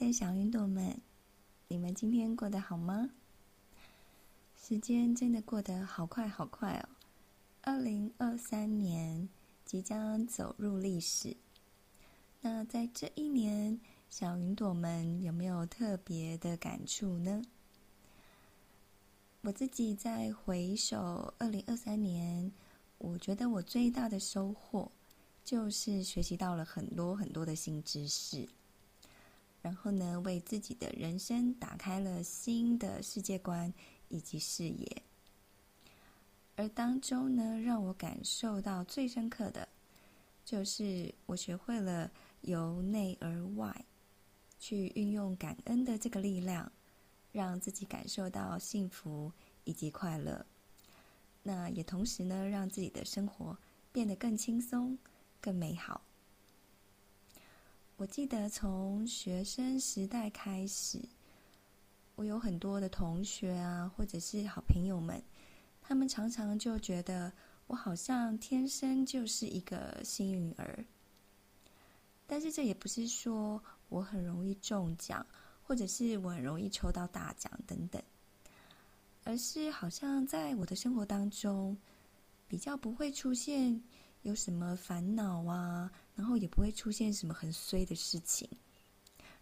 大小雲朵們，你們今天過得好嗎？時間真的過得好快，好快哦！二零二三年即將走入歷史。那在這一年，小雲朵們有沒有特別的感觸呢？我自己在回首二零二三年，我覺得我最大的收穫就是學習到了很多很多的新知識。然後呢，為自己的人生打開了新的世界觀以及視野。而當中呢，讓我感受到最深刻的，就是我學會了由內而外去運用感恩的這個力量，讓自己感受到幸福以及快樂。那也同時呢，讓自己的生活變得更輕鬆、更美好。我記得從學生時代開始，我有很多的同學啊，或者是好朋友們，他們常常就覺得我好像天生就是一個幸運兒。但是這也不是說我很容易中獎，或者是我很容易抽到大獎等等，而是好像在我的生活當中，比較不會出現。有什麼煩惱啊？然後也不會出現什麼很衰的事情。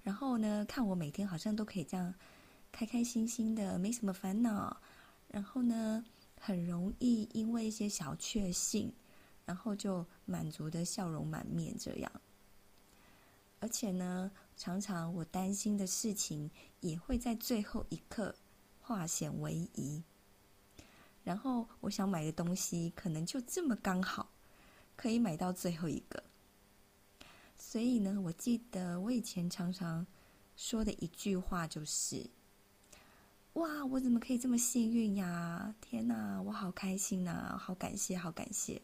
然後呢，看我每天好像都可以這樣開開心心的，沒什麼煩惱。然後呢，很容易因為一些小確幸，然後就滿足的，笑容滿面這樣。而且呢，常常我擔心的事情也會在最後一刻化險為夷。然後我想買的東西，可能就這麼剛好。可以買到最後一個，所以呢，我記得我以前常常說的一句話就是：“哇，我怎麼可以這麼幸運呀？天哪，我好開心吶、啊，好感謝，好感謝。”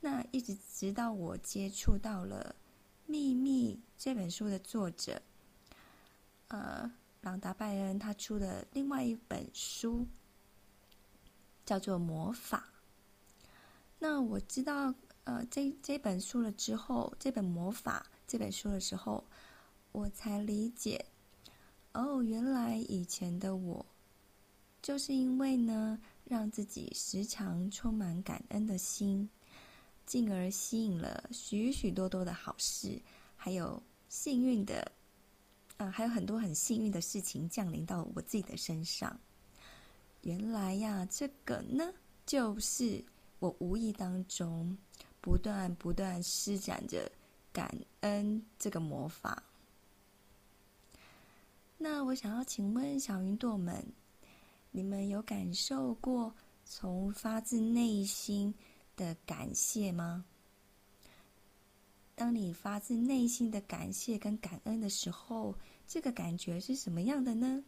那一直直到我接觸到了《秘密》這本書的作者，呃，朗達·拜恩，他出的另外一本書叫做《魔法》。那我知道，呃，這這本書了之後，這本魔法這本書的時候，我才理解，哦，原來以前的我，就是因為呢，讓自己時常充滿感恩的心，進而吸引了許許多多的好事，還有幸運的，啊、呃，還有很多很幸運的事情降臨到我自己的身上。原來呀，這個呢，就是。我無意當中，不斷不斷施展着感恩這個魔法。那我想要請問小雲朵們，你們有感受過從發自內心的感謝嗎？當你發自內心的感謝跟感恩的時候，這個感覺是什麼樣的呢？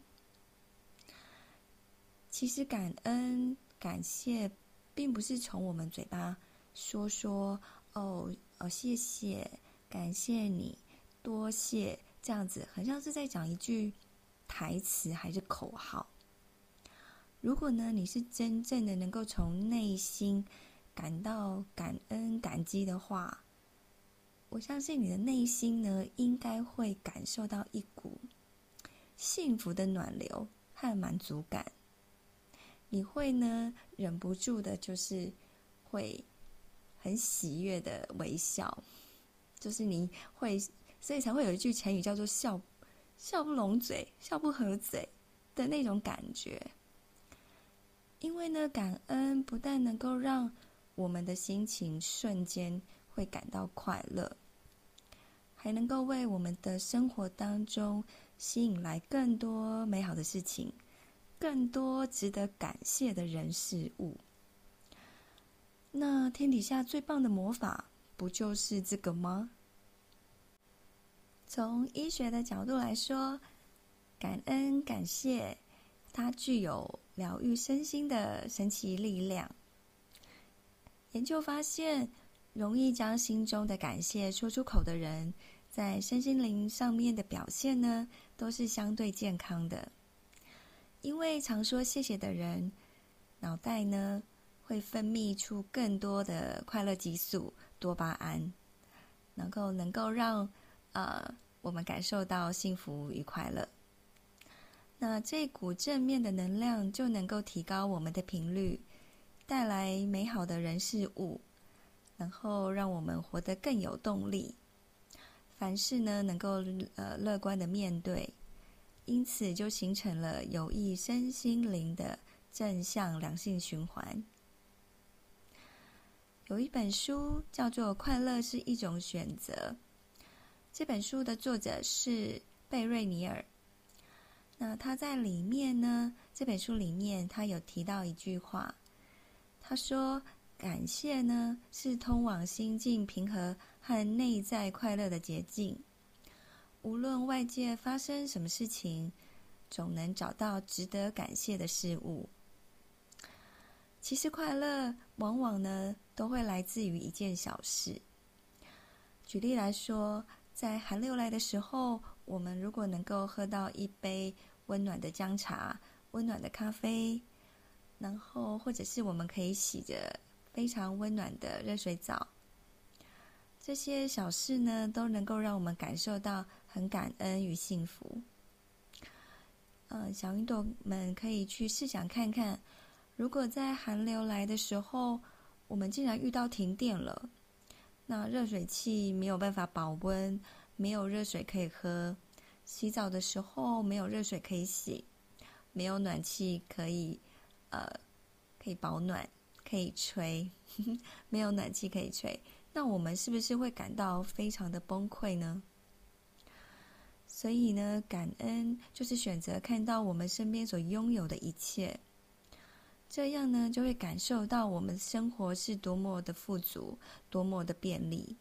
其實感恩、感謝。並不是從我們嘴巴說說哦、哦，謝謝，感謝你，多謝這樣子，很像是在講一句台詞還是口號。如果呢，你是真正的能夠從內心感到感恩感激的話，我相信你的內心呢，應該會感受到一股幸福的暖流和滿足感。你會呢，忍不住的，就是會很喜悅的微笑，就是你會，所以才會有一句成語叫做笑“笑笑不攏嘴，笑不合嘴”的那種感覺。因為呢，感恩不但能夠讓我們的心情瞬間會感到快樂，還能夠為我們的生活當中吸引來更多美好的事情。更多值得感謝的人事物，那天底下最棒的魔法不就是這個嗎？從醫學的角度來說，感恩感謝，它具有療癒身心的神奇力量。研究發現，容易將心中的感謝說出口的人，在身心靈上面的表現呢，都是相對健康的。因為常說謝謝的人，腦袋呢，會分泌出更多的快樂激素多巴胺，能夠能夠讓啊、呃、我們感受到幸福與快樂。那這股正面的能量就能夠提高我們的頻率，帶來美好的人事物，然後讓我們活得更有動力。凡事呢，能夠呃樂觀的面對。因此就形成了有益身心靈的正向良性循環。有一本書叫做《快樂是一種選擇》，這本書的作者是貝瑞尼爾。那他在裡面呢，這本書裡面他有提到一句話，他說：“感謝呢，是通往心境平和和內在快樂的捷徑。”無論外界發生什麼事情，總能找到值得感謝的事物。其實快樂往往呢，都會來自於一件小事。舉例來說，在寒流來的時候，我們如果能夠喝到一杯溫暖的薑茶、溫暖的咖啡，然後或者是我們可以洗着非常溫暖的熱水澡，這些小事呢，都能夠讓我們感受到。很感恩與幸福。嗯、呃，小雲朵們可以去試想看看，如果在寒流來的時候，我們竟然遇到停電了，那熱水器沒有辦法保溫，沒有熱水可以喝，洗澡的時候沒有熱水可以洗，沒有暖氣可以，呃，可以保暖，可以吹，呵呵沒有暖氣可以吹，那我們是不是會感到非常的崩潰呢？所以呢，感恩就是選擇看到我們身邊所擁有的一切，這樣呢，就會感受到我們生活是多麼的富足，多麼的便利。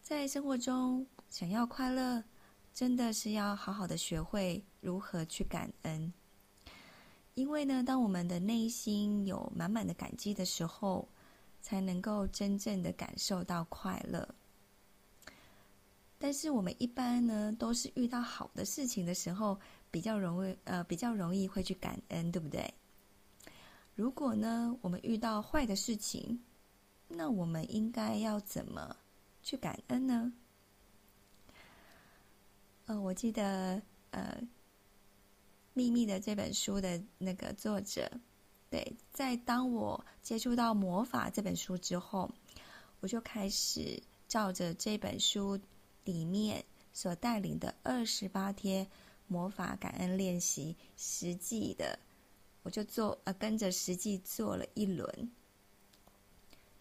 在生活中想要快樂，真的是要好好的學會如何去感恩，因為呢，當我們的內心有滿滿的感激的時候，才能夠真正的感受到快樂。但是我們一般呢，都是遇到好的事情的時候比較容易，呃，比較容易會去感恩，對不對？如果呢，我們遇到壞的事情，那我們應該要怎麼去感恩呢？呃，我記得，呃，《秘密》的這本書的那個作者，對，在當我接觸到魔法這本書之後，我就開始照着這本書。裡面所帶領的二十八天魔法感恩練習，實際的，我就做呃跟着實際做了一輪。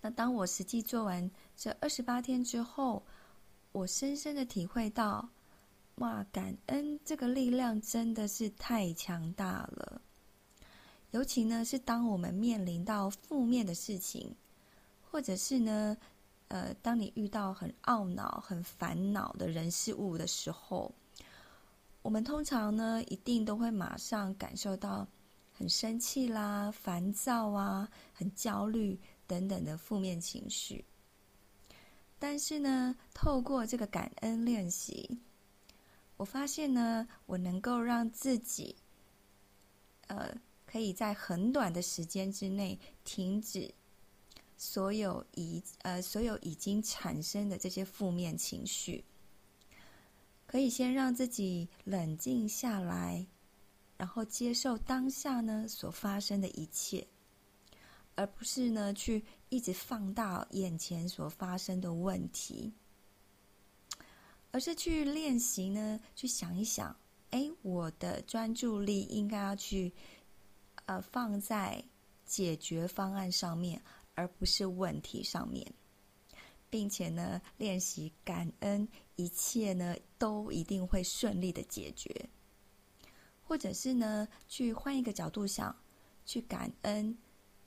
那當我實際做完這二十八天之後，我深深的體會到，哇，感恩這個力量真的是太強大了。尤其呢是當我們面臨到負面的事情，或者是呢。呃，當你遇到很懊惱、很煩惱的人事物的時候，我們通常呢，一定都會馬上感受到很生氣啦、煩躁啊、很焦慮等等的負面情緒。但是呢，透過這個感恩練習，我發現呢，我能夠讓自己，呃，可以在很短的時間之內停止。所有已，呃，所有已經產生的這些負面情緒，可以先讓自己冷靜下來，然後接受當下呢所發生的一切，而不是呢去一直放大眼前所發生的問題，而是去練習呢去想一想，哎，我的專注力應該要去呃放在解決方案上面。而不是問題上面，並且呢，練習感恩，一切呢都一定會順利的解決，或者是呢，去換一個角度想，去感恩，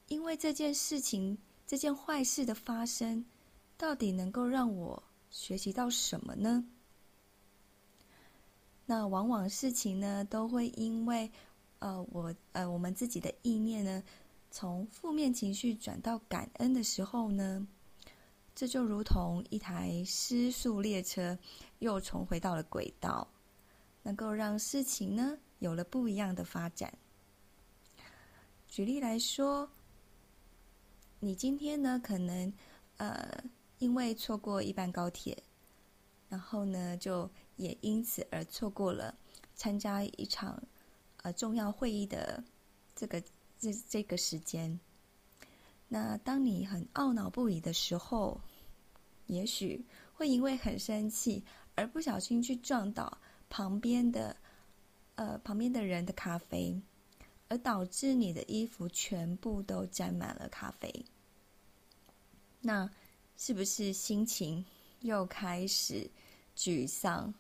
因為這件事情，這件壞事的發生，到底能夠讓我學習到什麼呢？那往往事情呢，都會因為，呃，我，呃，我們自己的意念，呢。從負面情緒轉到感恩的時候呢，這就如同一台失速列車又重回到了軌道，能夠讓事情呢有了不一樣的發展。舉例來說，你今天呢可能呃因為錯過一班高鐵，然後呢就也因此而錯過了參加一場呃重要會議的這個。這這個時間，那當你很懊惱不已的時候，也許會因為很生氣而不小心去撞倒旁邊的，呃，旁邊的人的咖啡，而導致你的衣服全部都沾滿了咖啡。那是不是心情又開始沮喪，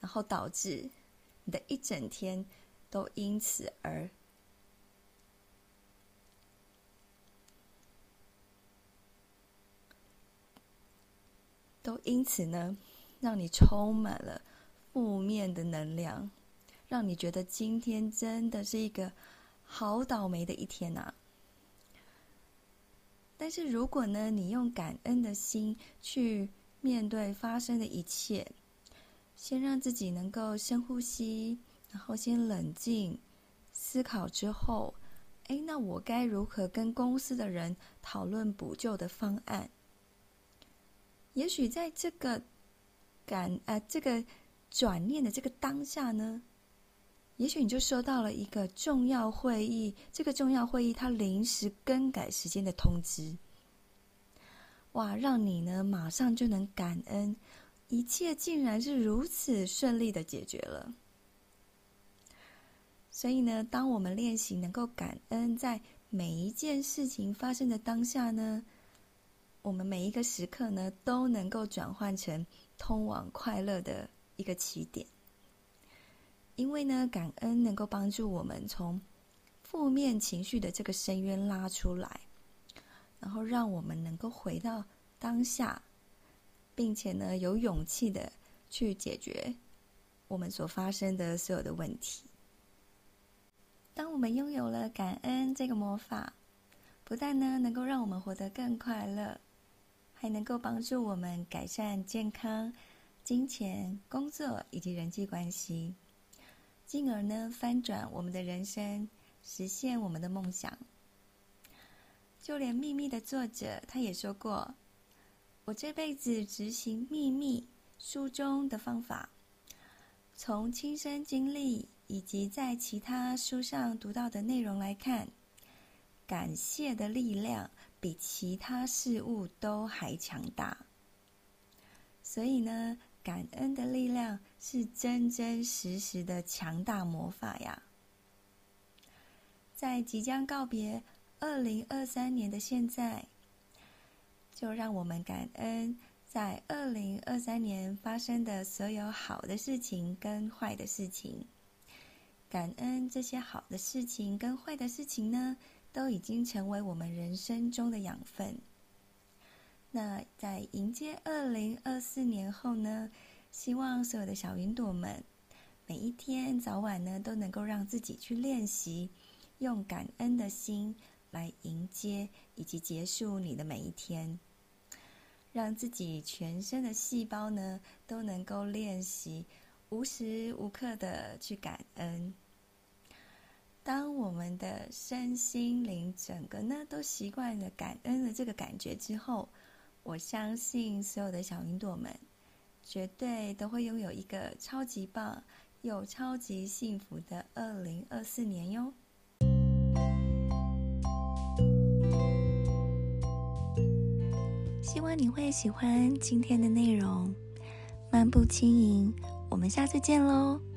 然後導致你的一整天都因此而？都因此呢，讓你充滿了負面的能量，讓你覺得今天真的是一個好倒霉的一天吶、啊。但是如果呢，你用感恩的心去面對發生的一切，先讓自己能夠深呼吸，然後先冷靜思考之後，哎，那我該如何跟公司的人討論補救的方案？也許在這個感啊、呃，這個轉念的這個當下呢，也許你就收到了一個重要會議，這個重要會議它臨時更改時間的通知，哇，讓你呢馬上就能感恩，一切竟然是如此順利的解決了。所以呢，當我們練習能夠感恩，在每一件事情發生的當下呢。我們每一個時刻呢，都能夠轉換成通往快樂的一個起點。因為呢，感恩能夠幫助我們從負面情緒的這個深淵拉出來，然後讓我們能夠回到當下，並且呢，有勇氣的去解決我們所發生的所有的問題。當我們擁有了感恩這個魔法，不但呢，能夠讓我們活得更快樂。還能夠幫助我們改善健康、金錢、工作以及人際關係，進而呢，翻轉我們的人生，實現我們的夢想。就連秘密的作者他也說過：“我這輩子執行秘密書中的方法，從親身經歷以及在其他書上讀到的內容來看，感謝的力量。”比其他事物都還強大，所以呢，感恩的力量是真真實實的強大魔法呀！在即將告別二零二三年的現在，就讓我們感恩在二零二三年發生的所有好的事情跟壞的事情，感恩這些好的事情跟壞的事情呢，都已經成為我們人生中的養分。那在迎接二零二四年後呢，希望所有的小雲朵們，每一天早晚呢，都能夠讓自己去練習，用感恩的心來迎接以及結束你的每一天，讓自己全身的細胞呢，都能夠練習無時無刻的去感恩。當我們的身心靈整個呢都習慣了感恩的這個感覺之後，我相信所有的小雲朵們，絕對都會擁有一個超級棒又超級幸福的二零二四年喲！希望你會喜歡今天的內容，漫步輕盈，我們下次見嘍。